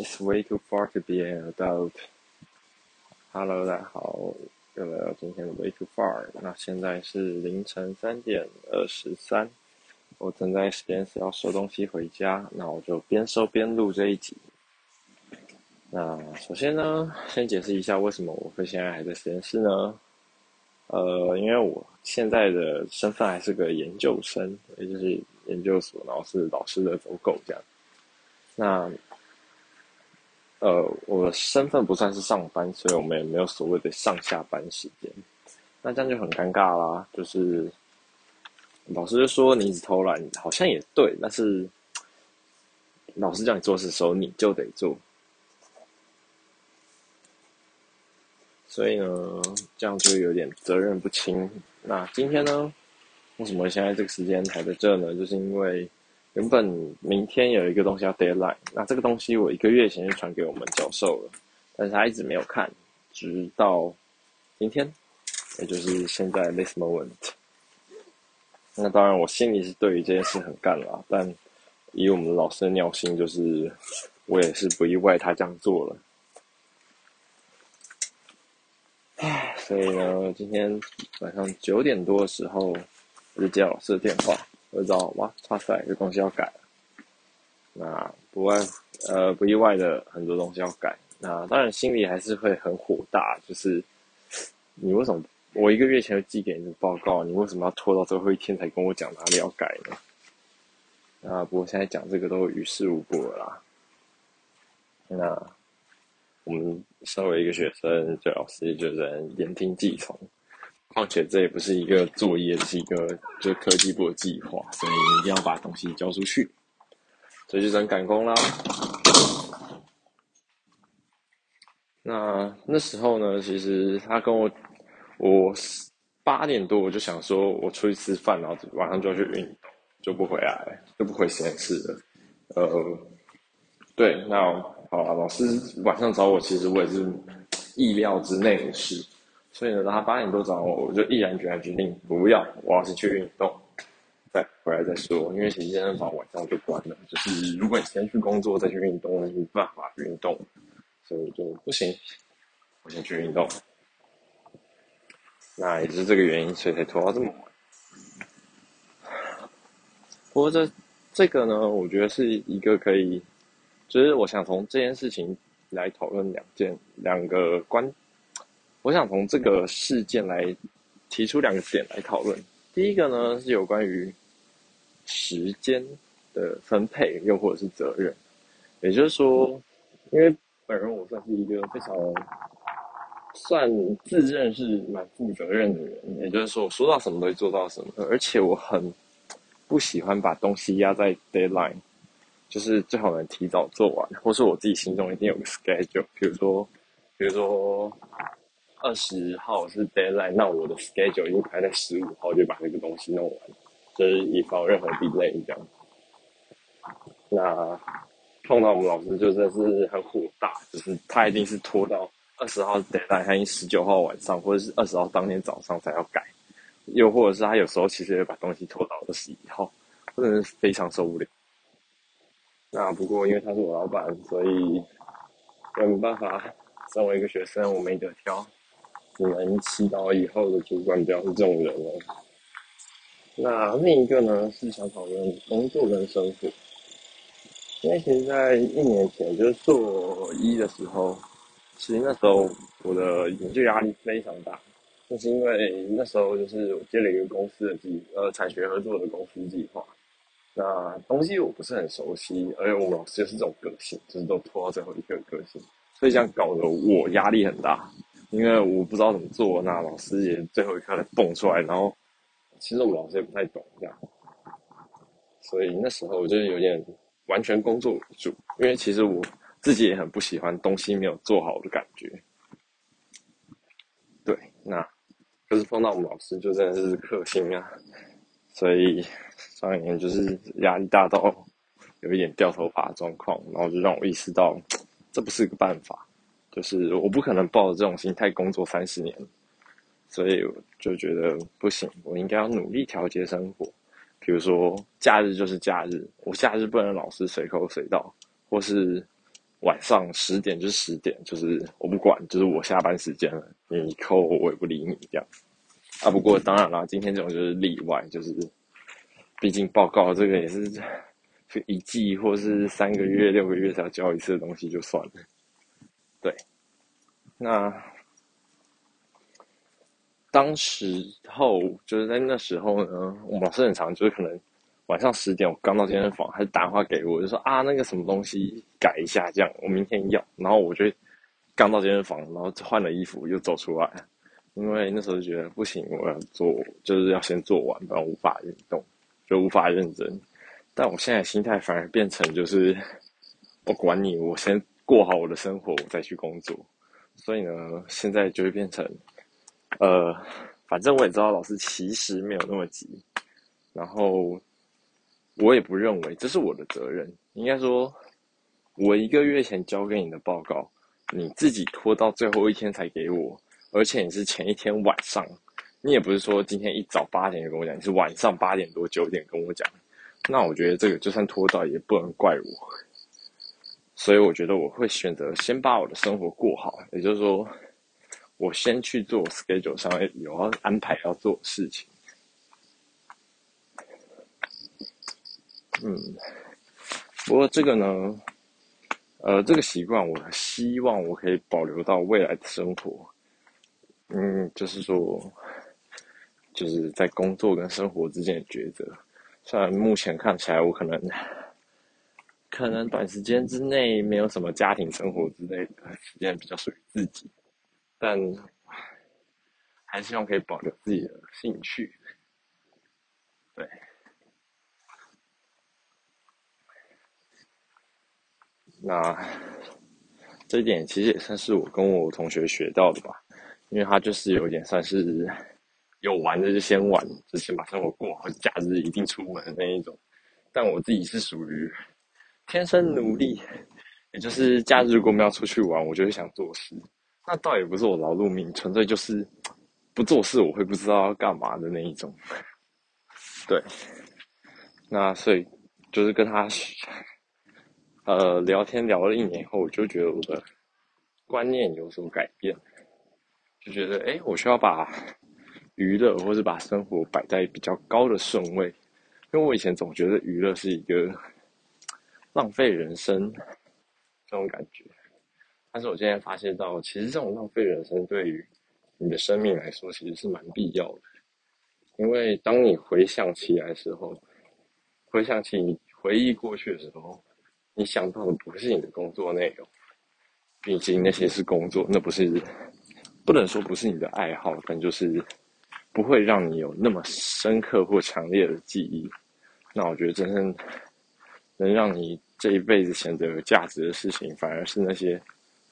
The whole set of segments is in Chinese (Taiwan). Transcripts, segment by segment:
It's way too far to be an adult. Hello，大家好，又來到今天的 Way Too Far。那現在是凌晨三點二十三，我正在實驗室要收東西回家，那我就邊收邊錄這一集。那首先呢，先解釋一下為什麼我會現在還在實驗室呢？呃，因為我現在的身份還是個研究生，也就是研究所，然後是老師的走狗這樣。那呃，我的身份不算是上班，所以我們也沒有所謂的上下班時間。那這樣就很尷尬啦，就是老師就說你一直偷懶，好像也對，但是老師叫你做事的時候你就得做。所以呢，這樣就有點責任不清。那今天呢，為什麼現在這個時間還在這呢？就是因為。原本明天有一個東西要 deadline，那這個東西我一個月前就傳給我們教授了，但是他一直沒有看，直到今天，也就是現在 this moment。那當然，我心裡是對於這件事很幹啦，但以我們老師的尿性，就是我也是不意外他這樣做了。唉，所以呢，今天晚上九點多的時候，我就接到老師的電話。我知道哇，哇塞，這東西要改。那不外，呃，不意外的很多東西要改。那當然心裡還是會很火大，就是你為什麼？我一個月前就寄給你的報告，你為什麼要拖到最後一天才跟我講哪裡要改呢？啊，不過現在講這個都於事無補了啦。那我們身為一個學生，對老師就能言聽計從。況且這也不是一個作業，是一個就是科技部的計劃，所以一定要把東西交出去。所以就等趕工啦。那那時候呢，其實他跟我，我八點多我就想說我出去吃飯，然後晚上就要去運動，就不回來，就不回實驗室了。呃，對，那好了，老師晚上找我，其實我也是意料之內的事。所以呢，他八點多找我，我就毅然決然決定不要，我要先去運動，再回來再說。因為其實健身房晚上我就關了，就是如果你先去工作再去運動，沒辦法運動，所以我就不行。我先去運動，那也是這個原因，所以才拖到這麼晚。不過這這個呢，我覺得是一個可以，就是我想從這件事情來討論兩件兩個觀。我想從這個事件來提出兩個點來討論。第一個呢是有關於時間的分配，又或者是責任。也就是說，因為本人我算是一個非常算自認是蠻負責任的人。也就是說，我說到什麼都做到什麼，而且我很不喜歡把東西壓在 deadline，就是最好能提早做完，或是我自己心中一定有個 schedule。比如說，比如說。二十號是 deadline，那我的 schedule 已經排在十五號就把那個東西弄完了，就是以防任何 delay，這樣。那碰到我們老師就真的是很火大，就是他一定是拖到二十號 deadline，他一定十九號晚上或者是二十號當天早上才要改，又或者是他有時候其實也把東西拖到二十一號，真的是非常受不了。那不過因為他是我老闆，所以也沒辦法，身為一個學生我沒得挑。只能祈禱以後的主管不要是這種人了。那另一個呢，是想討論工作跟生活。因為其實，在一年前，就是做一的時候，其實那時候我的研究壓力非常大，就是因為那時候就是我接了一個公司的計，呃，產學合作的公司計劃。那東西我不是很熟悉，而且我老師又是這種個性，就是都拖到最後一個個性，所以這樣搞得我壓力很大。因為我不知道怎麼做，那老師也最後一刻才蹦出來，然後其實我們老師也不太懂這樣，所以那時候我就有點完全工作族，因為其實我自己也很不喜歡東西沒有做好的感覺。對，那可是碰到我們老師就真的是克星啊，所以上一年就是壓力大到有一點掉頭髮的狀況，然後就讓我意識到這不是一個辦法。就是我不可能抱着這種心態工作三十年，所以我就覺得不行，我應該要努力調節生活。比如說，假日就是假日，我假日不能老是隨扣隨到，或是晚上十點就十點，就是我不管，就是我下班時間了，你扣我我也不理你這樣。啊，不過當然啦，今天這種就是例外，就是畢竟報告這個也是就一季或是三個月六個月才交一次的東西，就算了。對，那，當時候就是在那時候呢，我老師很常，就是可能晚上十點我剛到健身房，他就打電話給我，就說啊那個什麼東西改一下，這樣我明天要。然後我就剛到健身房，然後換了衣服又走出來，因為那時候就覺得不行，我要做，就是要先做完，不然無法運動，就無法認真。但我現在心態反而變成就是，不管你，我先。過好我的生活，我再去工作。所以呢，現在就會變成，呃，反正我也知道老師其實沒有那麼急，然後我也不認為這是我的責任。應該說，我一個月前交給你的報告，你自己拖到最後一天才給我，而且你是前一天晚上，你也不是說今天一早八點就跟我講，你是晚上八點多，九點跟我講。那我覺得這個就算拖到，也不能怪我。所以我覺得我會選擇先把我的生活過好，也就是說，我先去做 schedule 上也有要安排要做的事情。嗯，不過這個呢，呃，這個習慣我希望我可以保留到未來的生活。嗯，就是說，就是在工作跟生活之間的抉擇，雖然目前看起來我可能。可能短時間之內沒有什麼家庭生活之類的，時間比較屬於自己，但還是希望可以保留自己的興趣。對，那這一點其實也算是我跟我同學學到的吧，因為他就是有點算是有玩的就先玩，就先把生活過好，假日一定出門的那一種。但我自己是屬於。天生努力，也就是假日如果我們要出去玩，我就會想做事。那倒也不是我勞碌命，純粹就是不做事我會不知道要幹嘛的那一種。對，那所以就是跟他呃聊天聊了一年以後，我就覺得我的觀念有所改變，就覺得誒，我需要把娛樂或是把生活擺在比較高的順位，因為我以前總覺得娛樂是一個。浪費人生這種感覺，但是我現在發現到，其實這種浪費人生對於你的生命來說，其實是蠻必要的。因為當你回想起來的時候，回想起你回憶過去的時候，你想到的不是你的工作內容，畢竟那些是工作，那不是不能說不是你的愛好，但就是不會讓你有那麼深刻或強烈的記憶。那我覺得真正。能讓你這一輩子顯得有價值的事情，反而是那些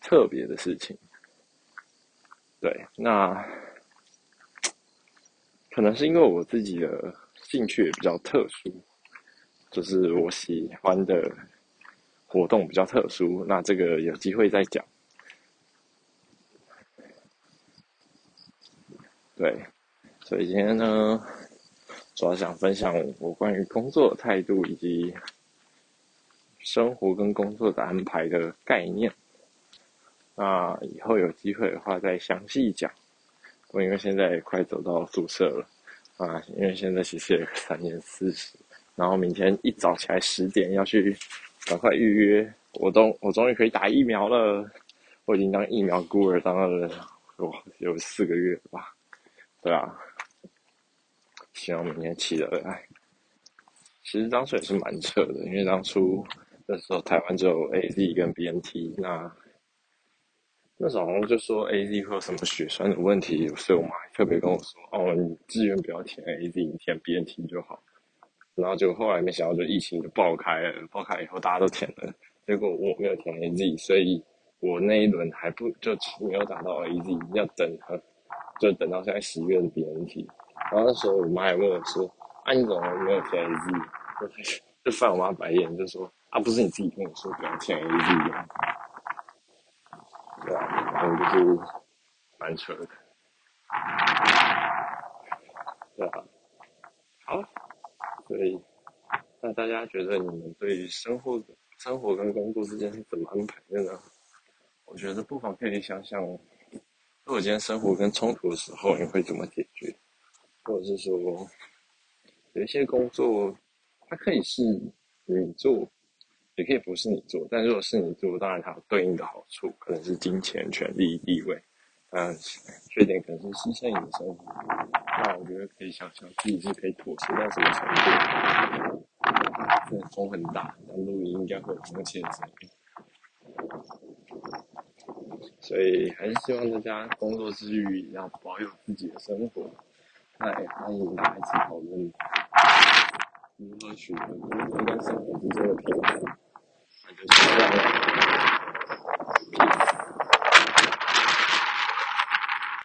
特別的事情。對，那可能是因為我自己的興趣也比較特殊，就是我喜歡的活動比較特殊。那這個有機會再講。對，所以今天呢，主要想分享我關於工作的態度以及。生活跟工作的安排的概念，那以後有機會的話再詳細講。我因為現在也快走到宿舍了，啊，因為現在其實也三點四十，然後明天一早起來十點要去趕快預約。我都，我終於可以打疫苗了，我已經當疫苗孤兒當了，哇，有四個月了吧？對啊，希望明天起得來。其實當時也是蠻扯的，因為當初。那時候台灣只有 A Z 跟 B N T，那那時候就說 A Z 會有什麼血栓的問題，所以我媽特別跟我說：“哦，你志願不要填 A Z，你填 B N T 就好。”然後就後來沒想到，就疫情就爆開了，爆開以後大家都填了，結果我沒有填 A Z，所以我那一輪還不就沒有打到 A Z，要等他，就等到現在十月的 B N T。然後那時候我媽還問我說：“啊，你怎麼沒有填 A Z？” 就就翻我媽白眼，就說。他、啊、不是你自己跟我說比較的，講一句，對啊，然後就是蠻扯的對吧、啊？好，所以那大家覺得你們對於生活、生活跟工作之間是怎麼安排的呢？我覺得不妨可以想想，如果今天生活跟衝突的時候，你會怎麼解決？或者是說，有一些工作，它可以是你做。也可以不是你做，但如果是你做，當然它有對應的好處，可能是金錢、權力、地位，嗯，缺點可能是犧牲你的生活。那我覺得可以想想自己是可以妥協到什麼程度。嗯嗯嗯、風很大，但錄音應該會有不同的聲音。所以還是希望大家工作之餘要保有自己的生活。哎，歡迎一起討論如何取得工作跟生活之間的平衡。